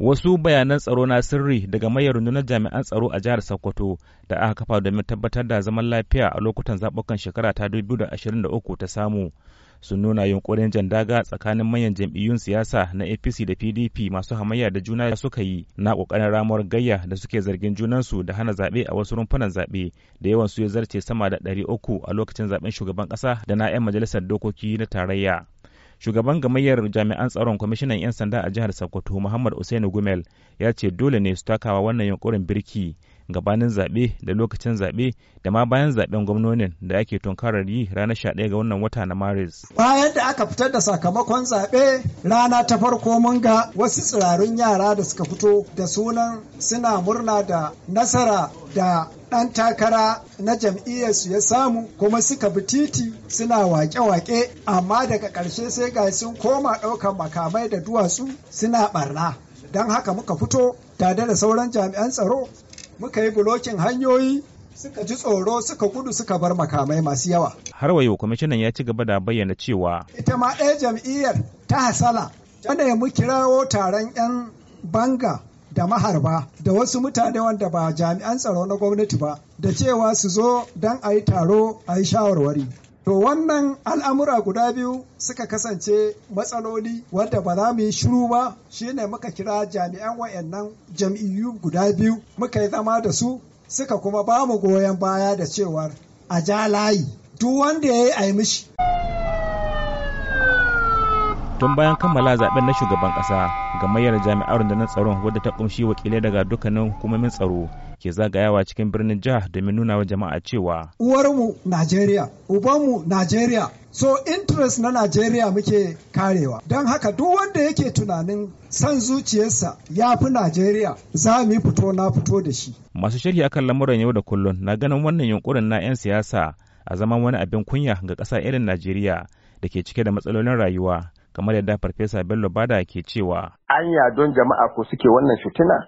Wasu bayanan tsaro na sirri daga mayar rundunar jami'an tsaro a jihar Sokoto da aka kafa domin tabbatar da zaman lafiya a lokutan zaɓukan shekara ta 2023 ta samu sun nuna yunkurin jan daga tsakanin manyan jam'iyyun siyasa na APC da PDP masu hamayya da juna da suka yi na kokarin ramuwar gayya da suke zargin junansu da hana zaɓe a wasu rumfunan zaɓe da yawan su ya zarce sama da 300 a lokacin zaɓen shugaban ƙasa da na 'yan majalisar dokoki na tarayya. shugaban gamayyar jami'an tsaron kwamishinan 'yan sanda a jihar sokoto muhammad usainu gumel ya ce dole ne su takawa wannan yunkurin birki gabanin zaɓe da lokacin zaɓe da ma bayan zaɓen gwamnonin da ake tunkarar yi ranar 11 ga wannan wata na maris bayan da aka fitar da sakamakon zaɓe rana ta farko mun ga wasu tsirarun yara da suka fito da sunan suna murna da nasara da ɗan takara na jam'iyyar su ya samu kuma suka bi titi suna wake-wake amma daga ƙarshe sai ga sun koma ɗaukar makamai da duwatsu suna ɓarna don haka muka fito tare da sauran jami'an tsaro muka yi bulokin hanyoyi suka ji tsoro suka gudu suka bar makamai masu yawa. Har wayo kwamishinan ya ci gaba da bayyana cewa. Ita ma ɗaya jam'iyyar ta hasala wanda ya mu kirawo taron 'yan banga da maharba da wasu mutane wanda ba jami'an tsaro na gwamnati ba da cewa su zo don a yi taro a yi shawarwari. To wannan al'amura guda biyu suka kasance matsaloli wadda ba za mu yi shiru ba shi ne muka kira jami'an wayannan jam'iyyu guda biyu muka yi zama da su suka kuma ba mu goyon baya da cewar a ja layi duk wanda ya yi mishi tun bayan kammala zaben na shugaban kasa gamayyar jami'ar rundunar tsaron wadda ta kumshi wakilai daga dukkanin hukumomin tsaro ke zagayawa cikin birnin jihar domin nuna wa jama'a cewa uwarmu najeriya ubanmu najeriya so interest na najeriya muke karewa don haka duk wanda yake tunanin san zuciyarsa ya fi najeriya za mu yi fito na fito da shi masu shirya akan lamuran yau da kullum na ganin wannan yunkurin na 'yan siyasa a zaman wani abin kunya ga kasa irin najeriya da ke cike da matsalolin rayuwa kamar yadda farfesa bello bada ke cewa anya don jama'a ko suke wannan fitina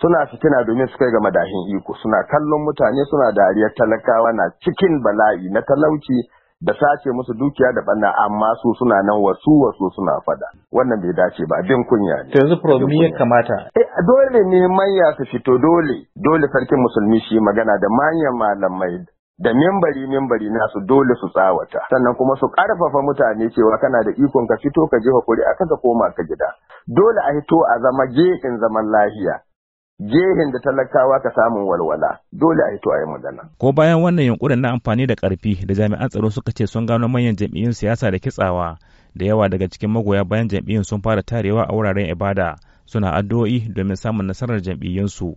suna fitina domin su kai ga madahin iko suna kallon mutane suna dariyar talakawa na cikin bala'i na talauci da sace musu dukiya da banna amma su suna nan wasu wasu suna fada wannan bai dace ba bin kunya ne yanzu problem ya kamata eh dole ne manya su fito dole dole sarkin musulmi shi magana da manyan malamai da membari membari nasu dole su tsawata sannan kuma su karfafa mutane cewa kana da ikon ka fito ka je hakuri a ka koma ka gida dole a hito a zama gehin zaman lahiya gehen da talakawa ka samun walwala dole a hito a yi magana. Ko bayan wannan yunkurin na amfani da karfi da jami'an tsaro suka ce sun gano manyan jam'iyyun siyasa da kitsawa da yawa daga cikin magoya bayan jam'iyyun sun fara tarewa a wuraren ibada suna addu'o'i domin samun nasarar su.